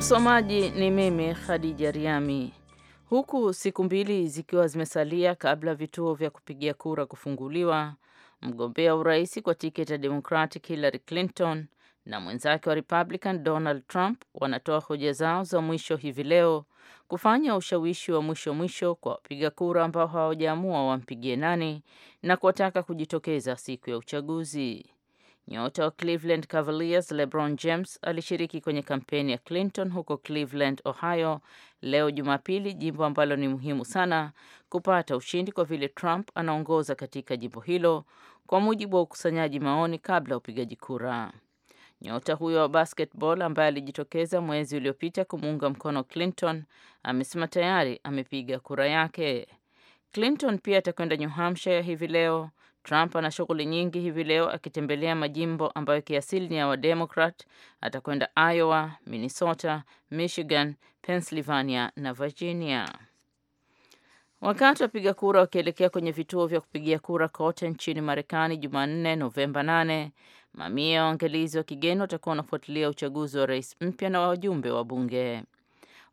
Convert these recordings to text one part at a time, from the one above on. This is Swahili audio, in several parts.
Msomaji ni mimi Khadija Riami. Huku siku mbili zikiwa zimesalia kabla vituo vya kupigia kura kufunguliwa, mgombea urais kwa tiketi ya Democratic Hillary Clinton na mwenzake wa Republican Donald Trump wanatoa hoja zao za mwisho hivi leo kufanya ushawishi wa mwisho mwisho kwa wapiga kura ambao hawajaamua wampigie nani na kuwataka kujitokeza siku ya uchaguzi. Nyota wa Cleveland Cavaliers LeBron James alishiriki kwenye kampeni ya Clinton huko Cleveland, Ohio leo Jumapili, jimbo ambalo ni muhimu sana kupata ushindi kwa vile Trump anaongoza katika jimbo hilo kwa mujibu wa ukusanyaji maoni kabla ya upigaji kura. Nyota huyo wa basketball ambaye alijitokeza mwezi uliopita kumuunga mkono Clinton amesema tayari amepiga kura yake. Clinton pia atakwenda New Hampshire hivi leo Trump ana shughuli nyingi hivi leo akitembelea majimbo ambayo kiasili ni ya Wademokrat. Atakwenda Iowa, Minnesota, Michigan, Pennsylvania na Virginia. Wakati wapiga kura wakielekea kwenye vituo vya kupigia kura kote nchini Marekani Jumanne, Novemba 8, mamia ya waangalizi wa kigeni watakuwa wanafuatilia uchaguzi wa rais mpya na wajumbe wa bunge.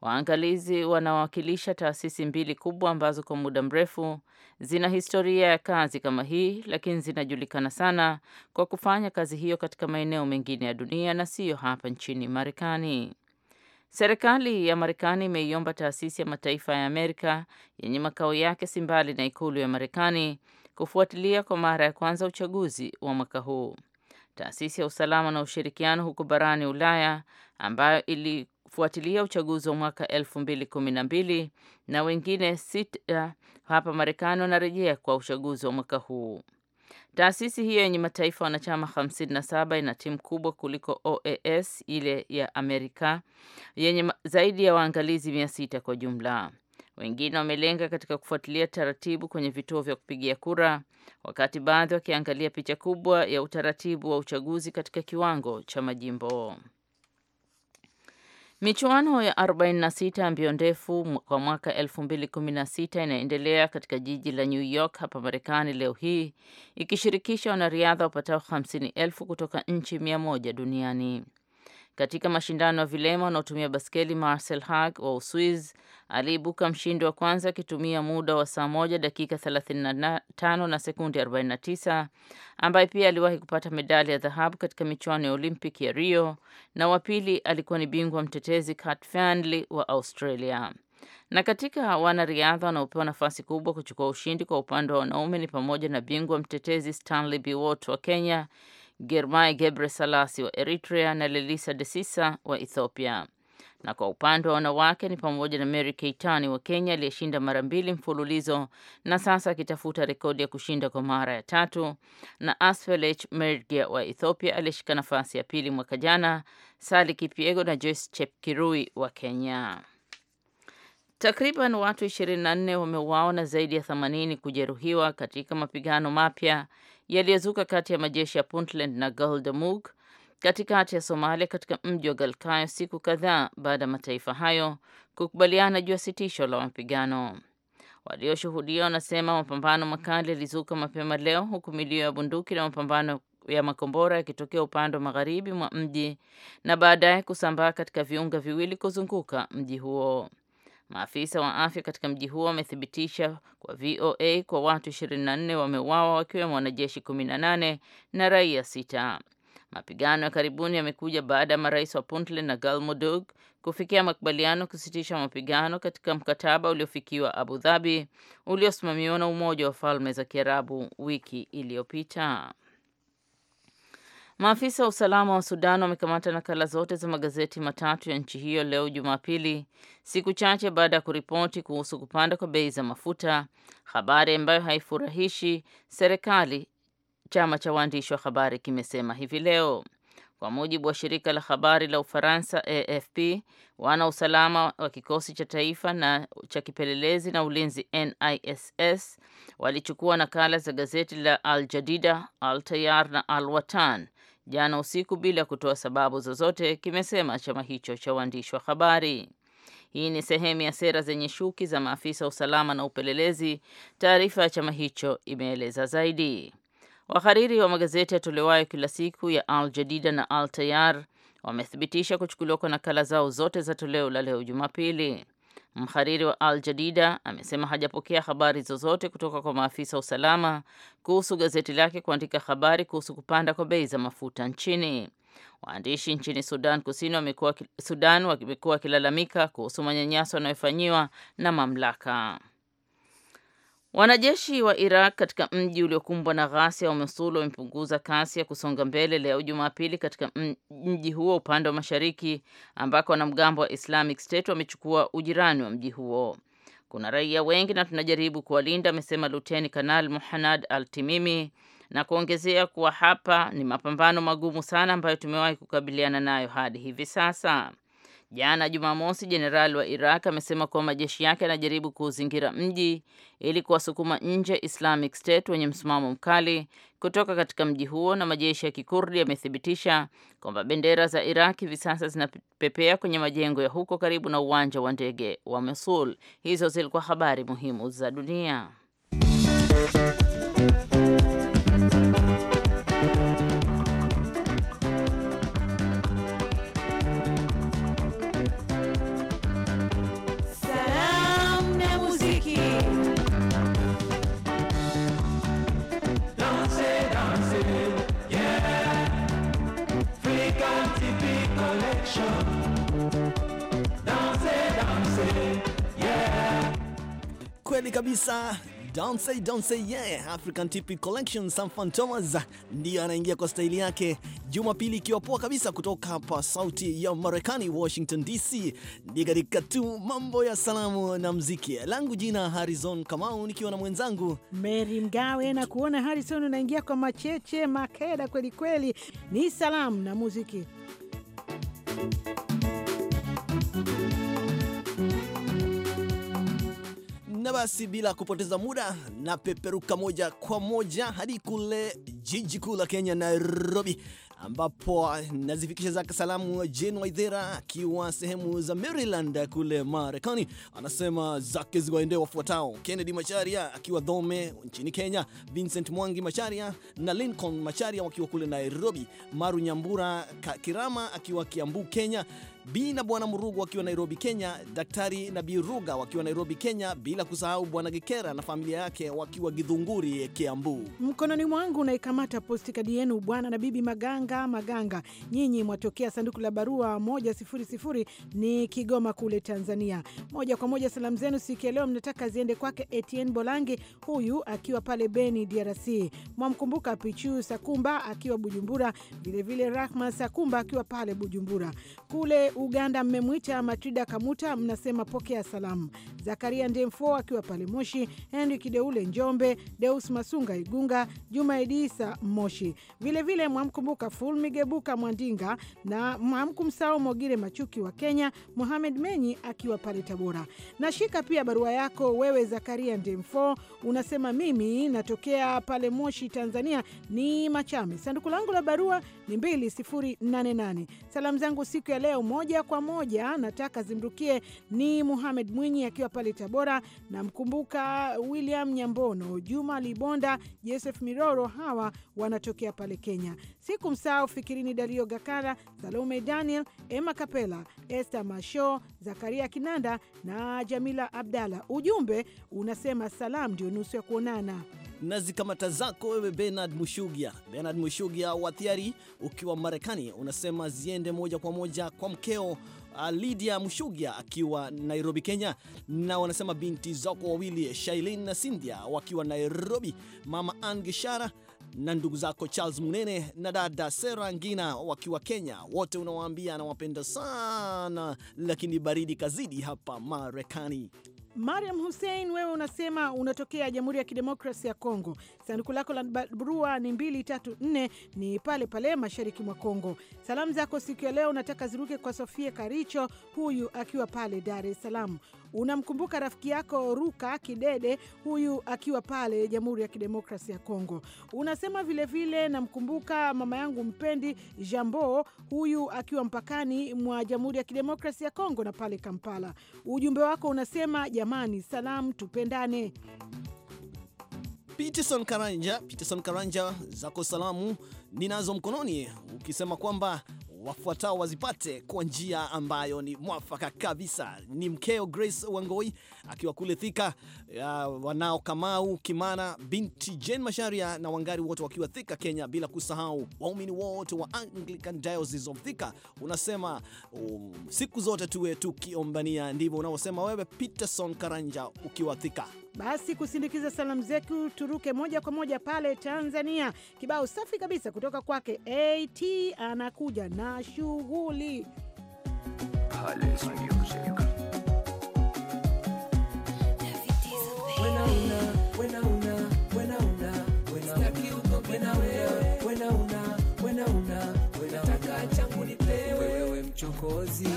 Waangalizi wanawakilisha taasisi mbili kubwa ambazo kwa muda mrefu zina historia ya kazi kama hii, lakini zinajulikana sana kwa kufanya kazi hiyo katika maeneo mengine ya dunia na siyo hapa nchini Marekani. Serikali ya Marekani imeiomba taasisi ya mataifa ya Amerika yenye makao yake si mbali na ikulu ya Marekani kufuatilia kwa mara ya kwanza uchaguzi wa mwaka huu. Taasisi ya usalama na ushirikiano huko barani Ulaya ambayo ili kufuatilia uchaguzi wa mwaka 2012 na wengine sita hapa Marekani wanarejea kwa uchaguzi wa mwaka huu. Taasisi hiyo yenye mataifa wanachama 57 ina timu kubwa kuliko OAS ile ya Amerika yenye zaidi ya waangalizi 600 kwa jumla. Wengine wamelenga katika kufuatilia taratibu kwenye vituo vya kupigia kura, wakati baadhi wakiangalia picha kubwa ya utaratibu wa uchaguzi katika kiwango cha majimbo. Michuano ya 46 ya mbio ndefu kwa mwaka 2016 inaendelea katika jiji la New York hapa Marekani leo hii ikishirikisha wanariadha wapatao 50,000 kutoka nchi 100 duniani. Katika mashindano ya vilema wanaotumia baskeli, Marcel Hag wa Uswiz aliibuka mshindi wa kwanza akitumia muda wa saa moja dakika 35 na sekundi 49, ambaye pia aliwahi kupata medali ya dhahabu katika michuano ya Olympic ya Rio, na wa pili alikuwa ni bingwa mtetezi Kat fanly wa Australia. Na katika wanariadha wanaopewa nafasi kubwa kuchukua ushindi kwa upande wa wanaume ni pamoja na bingwa mtetezi Stanley Biwott wa Kenya germai Gebre Salasi wa Eritrea na Lelisa Desisa wa Ethiopia. Na kwa upande wa wanawake ni pamoja na Mary Keitani wa Kenya aliyeshinda mara mbili mfululizo na sasa akitafuta rekodi ya kushinda kwa mara ya tatu, na Asfelech Mergia wa Ethiopia aliyeshika nafasi ya pili mwaka jana, sali kipiego na Joyce Chepkirui wa Kenya. Takriban watu 24 wameuawa na zaidi ya 80 kujeruhiwa katika mapigano mapya yaliyozuka kati ya majeshi ya Puntland na Galgamug katikati ya Somalia katika mji wa Galkayo siku kadhaa baada ya mataifa hayo kukubaliana juu ya sitisho la mapigano. Walioshuhudia wanasema mapambano makali yalizuka mapema leo huku milio ya bunduki na mapambano ya makombora yakitokea upande wa magharibi mwa mji na baadaye kusambaa katika viunga viwili kuzunguka mji huo. Maafisa wa afya katika mji huo wamethibitisha kwa VOA kwa watu 24 wameuawa wakiwemo wanajeshi 18 na raia sita. Mapigano ya karibuni yamekuja baada ya marais wa Puntland na Galmudug kufikia makubaliano kusitisha mapigano katika mkataba uliofikiwa Abu Dhabi uliosimamiwa na Umoja wa Falme za Kiarabu wiki iliyopita. Maafisa wa usalama wa Sudan wamekamata nakala zote za magazeti matatu ya nchi hiyo leo Jumapili, siku chache baada ya kuripoti kuhusu kupanda kwa bei za mafuta, habari ambayo haifurahishi serikali, chama cha waandishi wa habari kimesema hivi leo. Kwa mujibu wa shirika la habari la Ufaransa AFP, wana usalama wa kikosi cha taifa na cha kipelelezi na ulinzi NISS walichukua nakala za gazeti la Al Jadida, Al Tayar na Al Watan jana usiku bila kutoa sababu zozote, kimesema chama hicho cha waandishi wa habari. Hii ni sehemu ya sera zenye shuki za maafisa wa usalama na upelelezi, taarifa ya chama hicho imeeleza zaidi. Wahariri wa magazeti yatolewayo kila siku ya Al Jadida na Al Tayar wamethibitisha kuchukuliwa kwa nakala zao zote za toleo la leo Jumapili. Mhariri wa Al Jadida amesema hajapokea habari zozote kutoka kwa maafisa wa usalama kuhusu gazeti lake kuandika habari kuhusu kupanda kwa bei za mafuta nchini. Waandishi nchini Sudan Kusini wamekuwa Sudan wamekuwa wakilalamika kuhusu manyanyaso anayofanyiwa na mamlaka. Wanajeshi wa Iraq katika mji uliokumbwa na ghasia wa Mosul wamepunguza kasi ya kusonga mbele leo Jumapili katika mji huo upande wa mashariki ambako wanamgambo wa Islamic State wamechukua ujirani wa mji huo. Kuna raia wengi na tunajaribu kuwalinda, amesema Luteni Kanal Muhanad Al-Timimi na kuongezea kuwa hapa ni mapambano magumu sana ambayo tumewahi kukabiliana nayo hadi hivi sasa. Jana Jumamosi, jenerali wa Iraq amesema kuwa majeshi yake yanajaribu kuuzingira mji ili kuwasukuma nje Islamic State wenye msimamo mkali kutoka katika mji huo, na majeshi ya Kikurdi yamethibitisha kwamba bendera za Iraq hivi sasa zinapepea kwenye majengo ya huko karibu na uwanja wa ndege wa Mosul. Hizo zilikuwa habari muhimu za dunia. kweli kabisa. Don't say, don't say yeah. African TP Collection Sam Fantomas ndiyo anaingia kwa staili yake. Jumapili ikiwa poa kabisa kutoka hapa sauti ya Marekani Washington DC. Ni katika tu mambo ya salamu na mziki. Langu jina Harrison Kamau nikiwa na mwenzangu Mary Mgawe na kuona Harrison unaingia kwa macheche makeda kweli kweli. Ni salamu na muziki. Na basi bila kupoteza muda, na peperuka moja kwa moja hadi kule jiji kuu la Kenya, Nairobi, ambapo nazifikisha zake salamu Jane Waithera akiwa sehemu za Maryland kule Marekani. Anasema zake ziwaende wafuatao: Kennedy Macharia akiwa Dhome nchini Kenya, Vincent Mwangi Macharia na Lincoln Macharia wakiwa kule Nairobi, Maru Nyambura Kirama akiwa Kiambu, Kenya B na Bwana Murugu wakiwa Nairobi, Kenya, Daktari na Ruga wakiwa Nairobi, Kenya, bila kusahau Bwana Gikera na familia yake wakiwa gidhunguri Kiambu. Mkononi mwangu naikamata posti kadi yenu bwana na bibi Maganga Maganga, nyinyi mwatokea sanduku la barua 100 ni Kigoma kule Tanzania. Moja kwa moja salamu zenu sikielewa mnataka ziende kwake Etienne Bolangi, huyu akiwa pale Beni, DRC. Mwamkumbuka Pichu Sakumba akiwa Bujumbura, vilevile Rahma Sakumba akiwa pale Bujumbura kule Uganda mmemwita Matrida Kamuta, mnasema pokea salamu. Zakaria Ndemfo akiwa pale Moshi, Henri Kideule Njombe, Deus Masunga Igunga, Juma Idisa Moshi. Vilevile mwamkumbuka Fulmigebuka Mwandinga na mwamkumsao Mogire Machuki wa Kenya, Muhamed Menyi akiwa pale Tabora. Nashika pia barua yako wewe Zakaria Ndemfo, unasema mimi natokea pale Moshi, Tanzania ni Machame, sanduku langu la barua ni 2088. Salamu zangu siku ya leo moja moja kwa moja nataka zimrukie ni Muhamed Mwinyi akiwa pale Tabora, namkumbuka William Nyambono, Juma Libonda, Joseph Miroro, hawa wanatokea pale Kenya. siku Sikumsahau Fikirini Dario Gakara, Salome Daniel, Emma Kapela, Esther Masho, Zakaria Kinanda na Jamila Abdalla. Ujumbe unasema salam ndio nusu ya kuonana na zikamata zako wewe Bernard Mushugia. Bernard Mushugia wa thiari ukiwa Marekani, unasema ziende moja kwa moja kwa mkeo uh, Lydia Mushugia akiwa Nairobi, Kenya, na wanasema binti zako wawili Shailin na Cynthia wakiwa Nairobi, mama Ann Gishara na ndugu zako Charles Munene na dada Sera Ngina wakiwa Kenya. Wote unawaambia anawapenda sana, lakini baridi kazidi hapa Marekani. Mariam Hussein, wewe unasema unatokea Jamhuri ya Kidemokrasi ya Kongo. Sanduku lako la barua ni 234 ni pale pale mashariki mwa Kongo. Salamu zako siku ya leo unataka ziruke kwa Sofia Karicho, huyu akiwa pale Dar es Salaam. Unamkumbuka rafiki yako Ruka Kidede, huyu akiwa pale Jamhuri ya Kidemokrasi ya Kongo. Unasema vilevile namkumbuka mama yangu mpendi Jambo, huyu akiwa mpakani mwa Jamhuri ya Kidemokrasi ya Kongo na pale Kampala. Ujumbe wako unasema Jamani, salamu tupendane. Peterson Karanja, Peterson Karanja, zako salamu ninazo mkononi, ukisema kwamba wafuatao wazipate kwa njia ambayo ni mwafaka kabisa. Ni mkeo Grace Wangoi akiwa kule Thika, wanaokamau wanao Kamau Kimana, binti Jane Masharia na Wangari, wote wakiwa Thika, Kenya, bila kusahau waumini wote wa Anglican Diocese of Thika. Unasema um, siku zote tuwe tukiombania, ndivyo unavyosema wewe Peterson Karanja ukiwa Thika. Basi kusindikiza salamu zetu turuke moja kwa moja pale Tanzania, kibao safi kabisa kutoka kwake AT anakuja na shughuli Hallelujah. uchokozi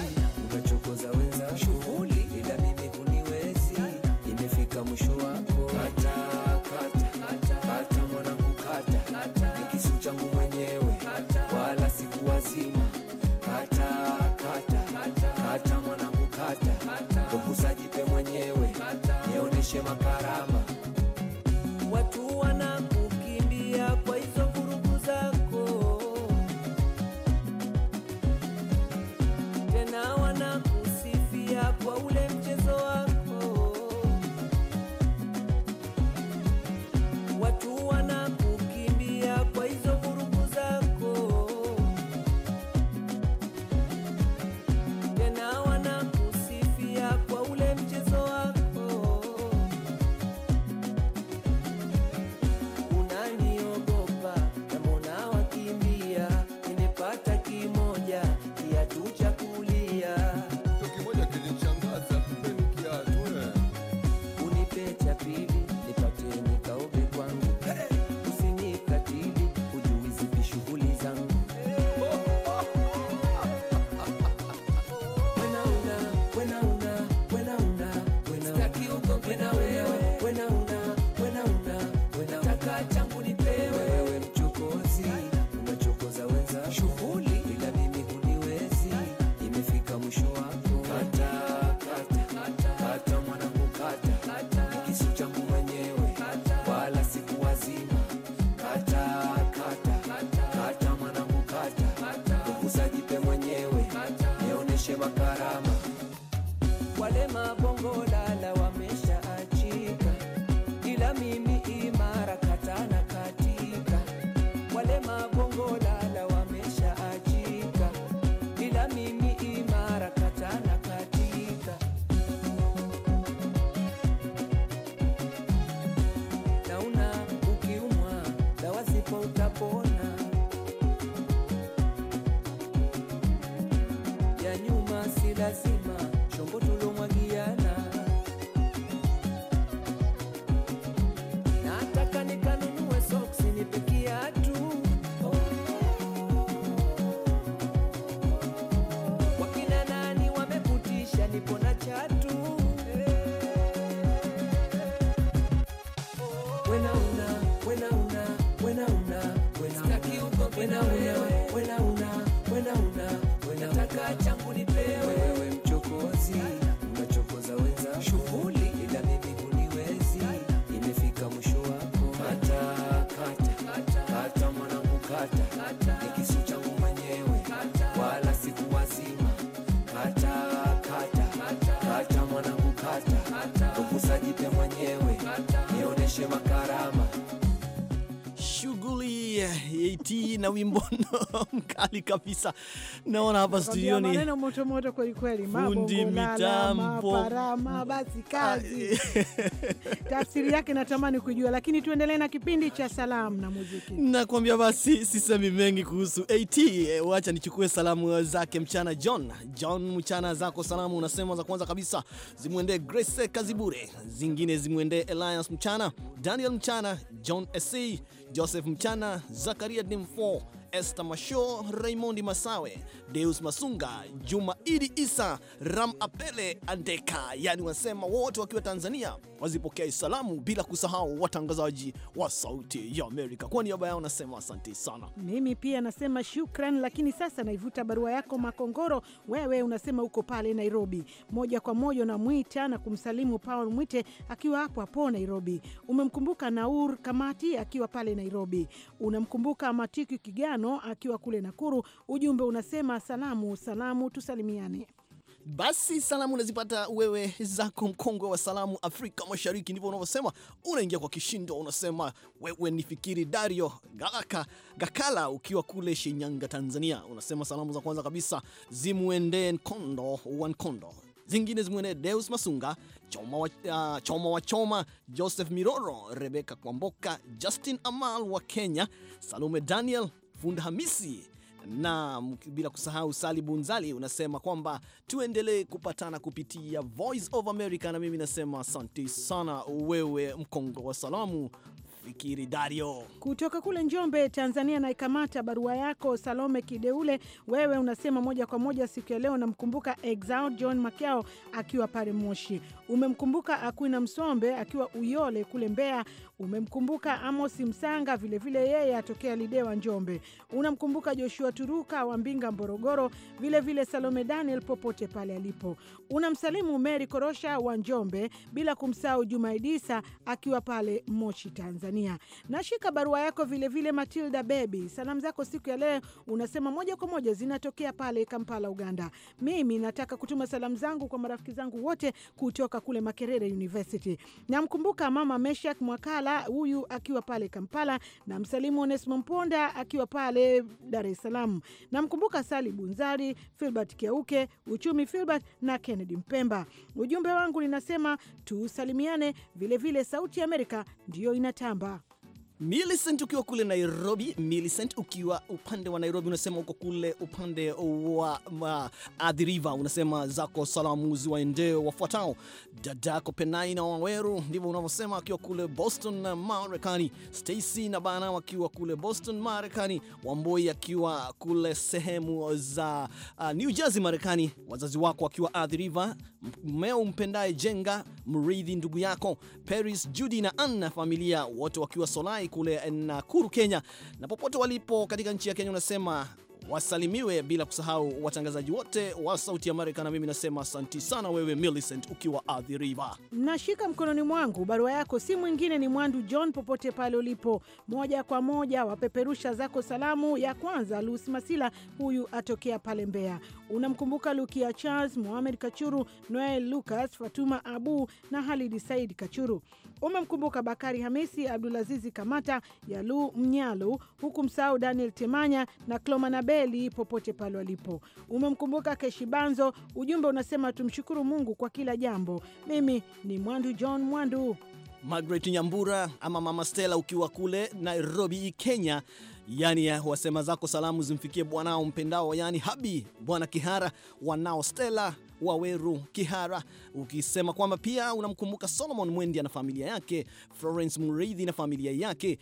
por ti na wimbo mkali kabisa. Naona hapa studioni maneno moto moto kweli kweli, fundi mitambo parama, basi kazi tafsiri yake natamani kujua, lakini tuendelee na kipindi cha salamu na muziki. Nakwambia basi, sisemi mengi kuhusu AT. E, wacha nichukue salamu zake mchana. John John, mchana zako salamu unasema za kwanza kabisa zimwendee Grace Kazibure, zingine zimwendee Elias mchana, Daniel mchana, John SC, Joseph mchana, Zakaria Dimfo Esther Masho, Raymond Masawe, Deus Masunga, Juma Idi Isa, Ram Apele Andeka, yani wasema wote wakiwa Tanzania wazipokea salamu, bila kusahau watangazaji wa Sauti ya Amerika. Kwa niaba yao nasema asante sana. Mimi pia nasema shukran, lakini sasa naivuta barua yako Makongoro. Wewe unasema uko pale Nairobi moja kwa moja, unamwita na kumsalimu Paul Mwite akiwa hapo hapo Nairobi. Umemkumbuka Naur Kamati akiwa pale Nairobi, unamkumbuka Matiki Kigana tano akiwa kule Nakuru. Ujumbe unasema salamu salamu, tusalimiane. Basi salamu unazipata wewe zako, mkongwe wa salamu Afrika Mashariki, ndivyo unavyosema. Unaingia kwa kishindo, unasema wewe ni Fikiri Dario Galaka Gakala, ukiwa kule Shinyanga, Tanzania. Unasema salamu za kwanza kabisa zimwendee Nkondo wa Nkondo, zingine zimwendee Deus Masunga Choma wa, uh, Choma wa Choma, Joseph Miroro, Rebeka Kwamboka, Justin Amal wa Kenya, Salume Daniel Funda Hamisi na bila kusahau Sali Bunzali, unasema kwamba tuendelee kupatana kupitia Voice of America, na mimi nasema asante sana wewe mkongo wa salamu Fikiri Dario kutoka kule Njombe, Tanzania. Naikamata barua yako Salome Kideule, wewe unasema moja kwa moja siku ya leo namkumbuka Exao John Makiao akiwa pale Moshi, umemkumbuka Akwina Msombe akiwa Uyole kule Mbeya, umemkumbuka Amos Msanga vilevile vile yeye atokea Lidewa Njombe, unamkumbuka Joshua Turuka wa Mbinga Morogoro, vilevile Salome Daniel popote pale alipo, unamsalimu Meri Korosha wa Njombe, bila kumsahau Jumaidisa akiwa pale Moshi, Tanzania. Tanzania. Nashika barua yako vilevile vile, Matilda Bebi, salamu zako siku ya leo unasema moja kwa moja zinatokea pale Kampala, Uganda. Mimi nataka kutuma salamu zangu kwa marafiki zangu wote kutoka kule Makerere University. Namkumbuka mama Meshak Mwakala, huyu akiwa pale Kampala, na msalimu Onesmo Mponda akiwa pale Dar es Salaam. Namkumbuka Sali Bunzari, Filbert Kiauke Uchumi Filbert na Kennedy Mpemba. Ujumbe wangu ninasema tusalimiane, vilevile Sauti ya Amerika ndiyo inatamba Millicent ukiwa kule Nairobi, Millicent ukiwa upande wa Nairobi, unasema uko kule upande wa Athi River, unasema zako salamu ziwaendee wafuatao: dadako Penai na Waweru, ndivyo unavyosema, akiwa kule Boston Marekani, Stacy na Bana wakiwa kule Boston Marekani, Wamboi akiwa kule sehemu za uh, New Jersey Marekani, wazazi wako wakiwa Athi River mmeo umpendaye jenga mridhi ndugu yako. Paris, Judy na Anna familia wote wakiwa Solai kule Nakuru, Kenya, na popote walipo katika nchi ya Kenya, unasema wasalimiwe, bila kusahau watangazaji wote wa Sauti ya Amerika. Na mimi nasema asanti sana wewe Millicent ukiwa Athi Nashika mkononi mwangu barua yako, si mwingine ni Mwandu John, popote pale ulipo. Moja kwa moja wapeperusha zako salamu. Ya kwanza Lusi Masila, huyu atokea pale Mbeya. Unamkumbuka Lukia Charles, Mohamed Kachuru, Noel Lucas, Fatuma Abu na Halidi Said Kachuru umemkumbuka Bakari Hamisi, Abdulazizi Kamata, Yalu Mnyalu, huku msahau Daniel Temanya na Clomanabeli popote pale walipo. Umemkumbuka Keshi Banzo. Ujumbe unasema tumshukuru Mungu kwa kila jambo. Mimi ni Mwandu John Mwandu. Margaret Nyambura ama Mama Stella ukiwa kule Nairobi, Kenya, yani eh, wasema zako salamu zimfikie bwanao mpendao, yani habi bwana Kihara, wanao Stella Waweru Kihara, ukisema kwamba pia unamkumbuka Solomon Mwendi na familia yake, Florence Murithi na familia yake,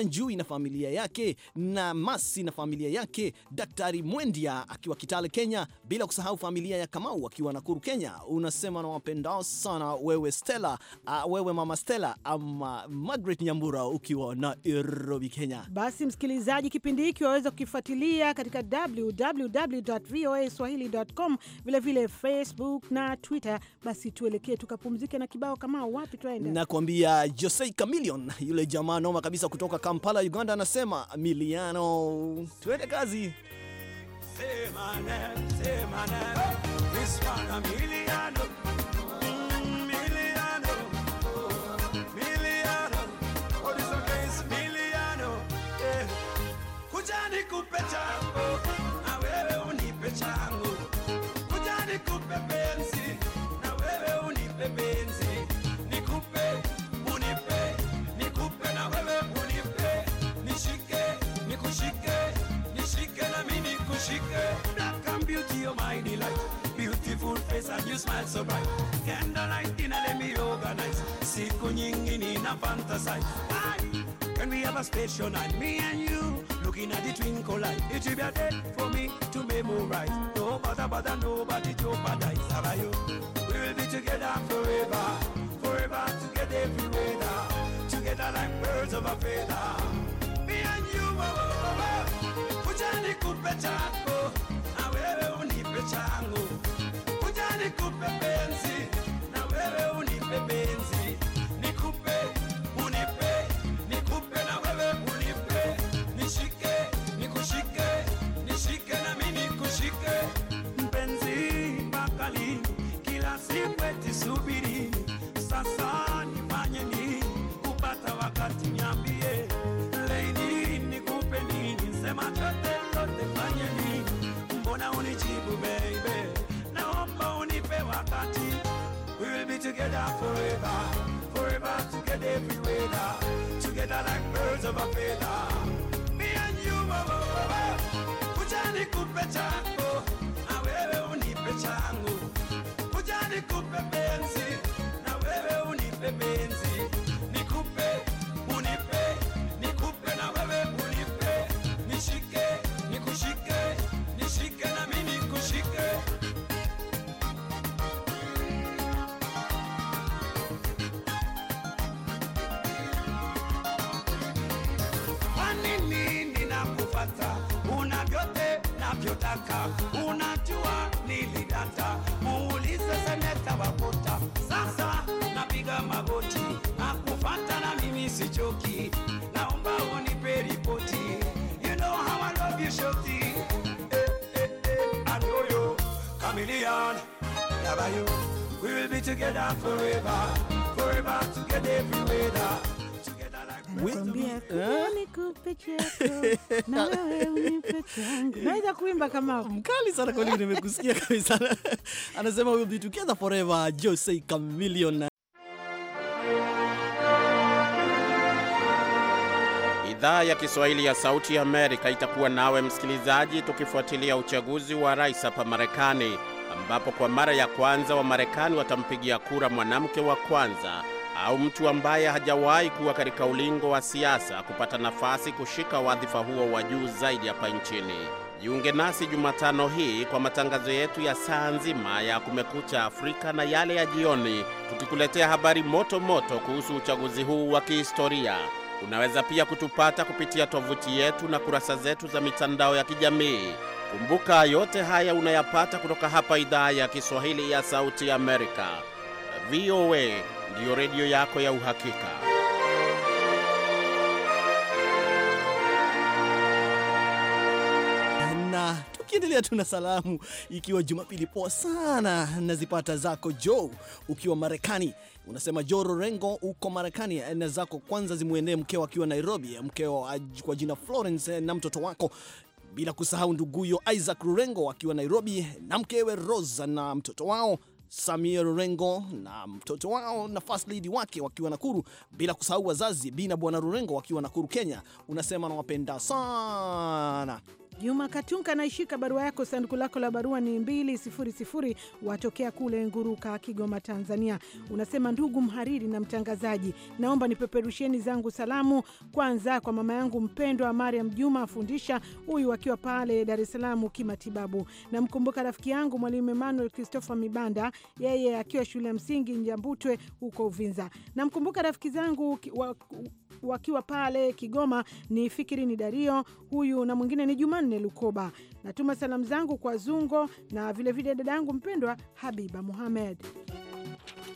Njui na familia yake, na Masi na familia yake, Daktari Mwendia akiwa Kitale Kenya, bila kusahau familia ya Kamau akiwa Nakuru Kenya. Unasema nawapendao sana wewe Stella, a, wewe mama Stella ama Margaret Nyambura ukiwa Nairobi Kenya. Basi msikilizaji, kipindi hiki waweza kukifuatilia katika www.voaswahili.com vilevile Facebook na Twitter. Basi tuelekee tukapumzike na kibao kama wapi twaenda. Nakwambia Jose Chameleone, yule jamaa noma kabisa kutoka Kampala, Uganda, anasema miliano. Tuende kazi. Semana, semana, oh. miliano. Eh. kupe changu na wewe unipe chango smile so bright Candlelight in a let me organize Siku nyingi nina fantasize Why? Can we have a special night? Me and you Looking at the twinkle light It will be a day for me to memorize No bother, bother, nobody jeopardize How about you? We will be together forever Forever together every weather Together like birds of a feather Me and you, oh, oh, oh, oh. Ujani kupechango Awewe unipe chango de coupe pensi kaka unajua nilidata muulize seneta wakota sasa napiga magoti na kufata na mimi sichoki naomba unipe ripoti you know how I love you shoti we will be together forever forever together everywhere together like nikupe Naweza kuimba kama mkali sana kweli, nimekusikia kabisa. Anasema we'll be together forever, Jose Chameleone. Idhaa ya Kiswahili ya Sauti Amerika itakuwa nawe msikilizaji, tukifuatilia uchaguzi wa rais hapa Marekani, ambapo kwa mara ya kwanza Wamarekani watampigia kura mwanamke wa kwanza au mtu ambaye hajawahi kuwa katika ulingo wa siasa kupata nafasi kushika wadhifa huo wa juu zaidi hapa nchini. Jiunge nasi Jumatano hii kwa matangazo yetu ya saa nzima ya Kumekucha Afrika na yale ya jioni, tukikuletea habari moto moto kuhusu uchaguzi huu wa kihistoria. Unaweza pia kutupata kupitia tovuti yetu na kurasa zetu za mitandao ya kijamii. Kumbuka, yote haya unayapata kutoka hapa idhaa ya Kiswahili ya Sauti Amerika, VOA ndiyo redio yako ya uhakika. Na tukiendelea tuna salamu, ikiwa Jumapili poa sana nazipata zako Joe ukiwa Marekani. Unasema Joro Rengo uko Marekani na zako kwanza zimwendee mkeo akiwa Nairobi, mkeo kwa jina Florence na mtoto wako bila kusahau nduguyo Isaac Rurengo akiwa Nairobi na mkewe Rosa na mtoto wao Samir Rurengo na mtoto wao na first lady wake wakiwa Nakuru, bila kusahau wazazi Bi na Bwana Rurengo wakiwa Nakuru, Kenya. Unasema nawapenda sana. Juma Katunka anaishika barua yako. Sanduku lako la barua ni sifuri, watokea kule Nguruka, Kigoma, Tanzania. Unasema ndugu mhariri na mtangazaji, naomba nipeperusheni zangu salamu kwanza kwa mama yangu mpendwa Mariam Juma afundisha huyu akiwa pale Dar es Salaam kimatibabu. Namkumbuka rafiki yangu mwalimu Emmanuel Christopher Mibanda, yeye akiwa shule ya msingi Njambutwe huko Uvinza. Namkumbuka rafiki zangu wa wakiwa pale Kigoma ni fikiri ni Dario huyu na mwingine ni Jumanne Lukoba. Natuma salamu zangu kwa Zungo na vilevile dada yangu mpendwa Habiba Muhamed.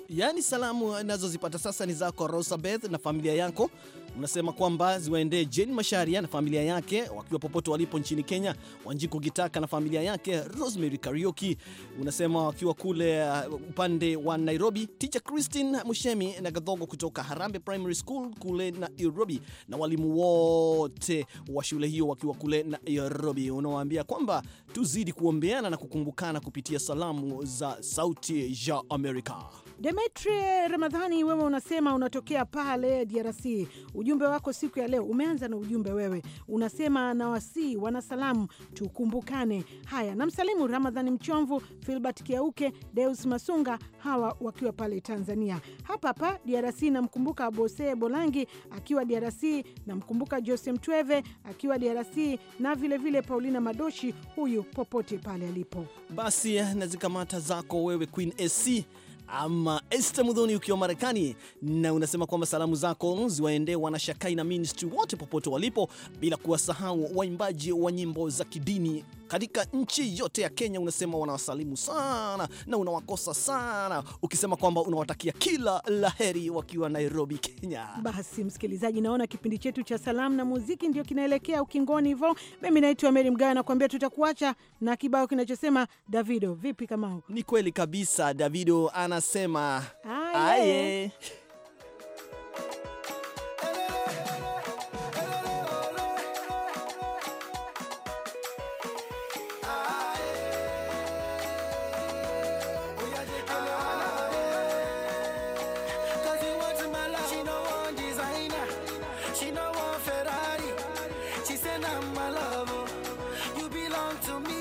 Yaani salamu nazozipata sasa ni zako Rosabeth na familia yako. Unasema kwamba ziwaendee Jane Masharia na familia yake wakiwa popote walipo nchini Kenya, Wanjiku Gitaka na familia yake, Rosemary karioki unasema wakiwa kule uh, upande wa Nairobi, Teacher Christine Mushemi na Gadhogo kutoka Harambe Primary School kule Nairobi, na walimu wote wa shule hiyo wakiwa kule Nairobi. Unawaambia kwamba tuzidi kuombeana na kukumbukana kupitia salamu za Sauti ya Amerika. Demetri Ramadhani, wewe unasema unatokea pale DRC. Ujumbe wako siku ya leo umeanza na ujumbe wewe unasema, na wasii wanasalamu tukumbukane. Haya, namsalimu Ramadhani Mchomvu, Filbert Kiauke, Deus Masunga, hawa wakiwa pale Tanzania. Hapa hapa DRC namkumbuka Bose Bolangi akiwa DRC, namkumbuka Jose Mtweve akiwa DRC na vilevile vile Paulina Madoshi, huyu popote pale alipo. Basi eh, nazikamata zako wewe Queen AC ama Esther Mudhuni ukiwa Marekani, na unasema kwamba salamu zako ziwaendee wanashakai na ministry wote popote walipo, bila kuwasahau waimbaji wa nyimbo za kidini katika nchi yote ya Kenya unasema wanawasalimu sana na unawakosa sana, ukisema kwamba unawatakia kila laheri wakiwa Nairobi, Kenya. Basi msikilizaji, naona kipindi chetu cha salamu na muziki ndio kinaelekea ukingoni hivyo. Mimi naitwa Meri Mgawe, nakuambia tutakuacha na kibao kinachosema Davido. Vipi kama huko? Ni kweli kabisa, Davido anasema aye, aye. to me.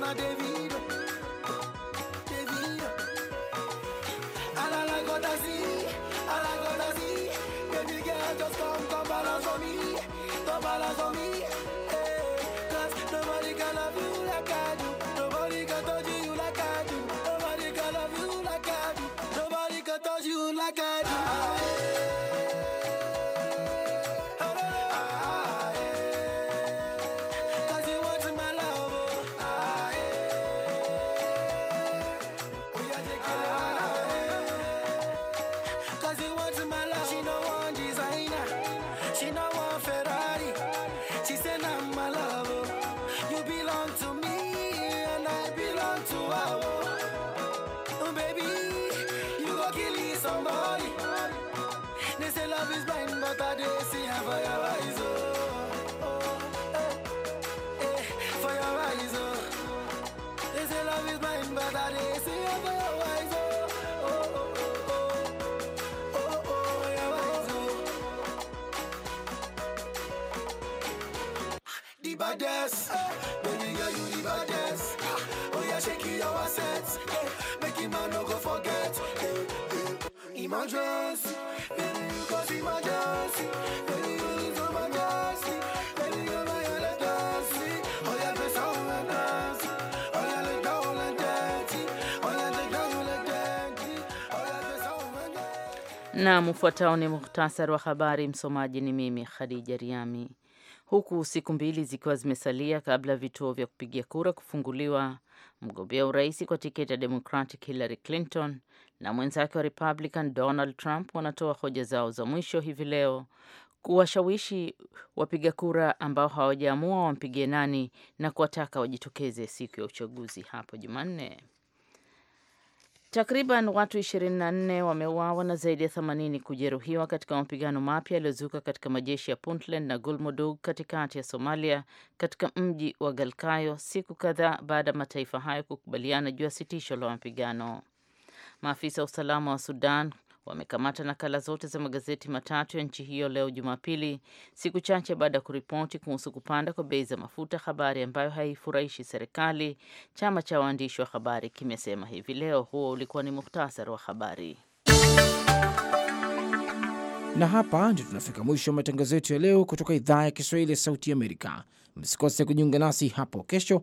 It's not David. David. All I gotta see, all I gotta see. Baby girl, just come, come balance on me. Come balance on me. Hey, eh. Cause nobody can love you like I do. Nobody can touch you. baddest. Baby girl, you the baddest. Oh yeah, shake your assets. Hey. Ah, make him man no go forget. Hey. Hey. Emergency, baby, you cause emergency. Baby, you need to my ufuatao ni muhtasari wa habari. Msomaji ni mimi Khadija Riami huku siku mbili zikiwa zimesalia kabla ya vituo vya kupigia kura kufunguliwa. Mgombea urais kwa tiketi ya Democratic Hillary Clinton na mwenzake wa Republican Donald Trump wanatoa hoja zao za mwisho hivi leo kuwashawishi wapiga kura ambao hawajaamua wampigie nani na kuwataka wajitokeze siku ya uchaguzi hapo Jumanne. Takriban watu 24 wameuawa na zaidi ya 80 kujeruhiwa katika mapigano mapya yaliyozuka katika majeshi ya Puntland na Gulmudug katikati ya Somalia katika mji wa Galkayo siku kadhaa baada ya mataifa hayo kukubaliana juu ya sitisho la mapigano. Maafisa wa usalama wa Sudan wamekamata nakala zote za magazeti matatu ya nchi hiyo leo Jumapili, siku chache baada ya kuripoti kuhusu kupanda kwa bei za mafuta, habari ambayo haifurahishi serikali. Chama cha waandishi wa habari kimesema hivi leo. Huo ulikuwa ni muhtasari wa habari, na hapa ndio tunafika mwisho wa matangazo yetu ya leo kutoka idhaa ya Kiswahili ya Sauti Amerika. Msikose kujiunga nasi hapo kesho